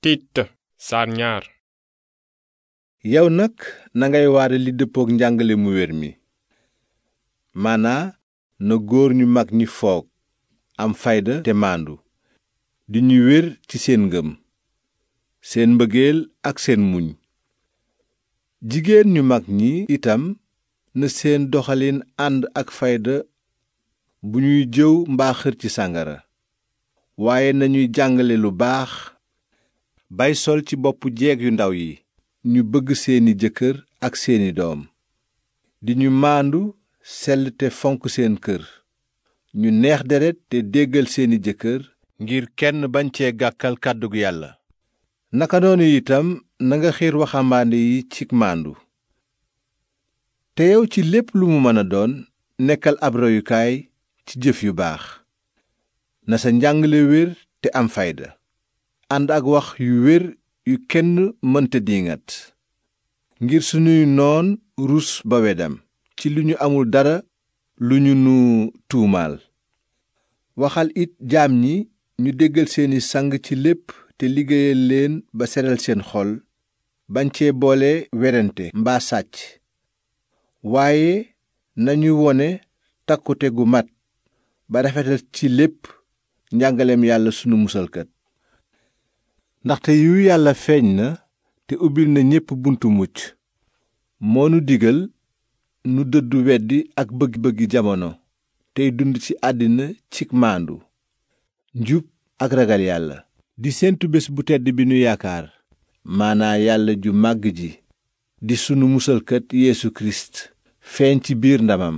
tiit saar yow nag nangay waare li dëppook njàngale mu wér mi maanaa na góor ñu mag ñi foog am fayda te maandu di ñu wér ci seen ngëm seen mbëgeel ak seen muñ jigéen ñu mag ñi itam na seen doxalin ànd ak fayda bu ñuy jëw mbaa xër ci sàngara waaye nañuy jàngale lu baax bay sol ci boppu jeeg yu ndaw yi ñu bëgg seeni jëkkër ak seeni doom di ñu maandu sell te fonk seen kër ñu neex deret te déggal seeni jëkkër ngir kenn bañ cee gàkkal kàddu yàlla naka noonu itam nanga xiir waxambaane yi ci maandu te yow ci lépp lu mu mën a doon nekkal ab royukaay ci jëf yu baax na sa njàngale wér te am fayda ànd ak wax yu wér yu kenn mënta diingat ngir sunuy noon rus ba wedam ci li ñu amul dara lu ñu nu tuumaal waxal it jaam ñi ñu déggal seeni sang ci lépp te liggéeyal leen ba seral seen xol bañ cee boole werante mbaa sàcc waaye nañu wone takkute gu mat ba rafetal ci lépp njàngaleem yàlla sunu musalkat ndaxte yu yàlla feeñ na te ubbil na ñépp buntu mucc moonu digal nu dëddu wedd ak bëgg-bëggi jamono tey dund ci àddina cig maandu njub ak ragal yàlla di séentu bés bu tedd bi nu yaakaar maanaa yàlla ju màgg ji di sunu musalkat yéesu kirist feeñ ci biir ndamam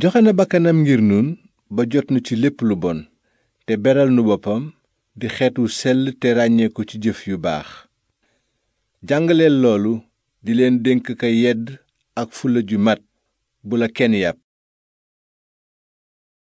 joxe na bakkanam ngir nun ba jot nu ci lépp lu bon te beral nu boppam di xeet wu sell te ràññeeku ci jëf yu baax jàngaleel loolu di leen dénk ka yedd ak fula ju mat bu la kenn yàpp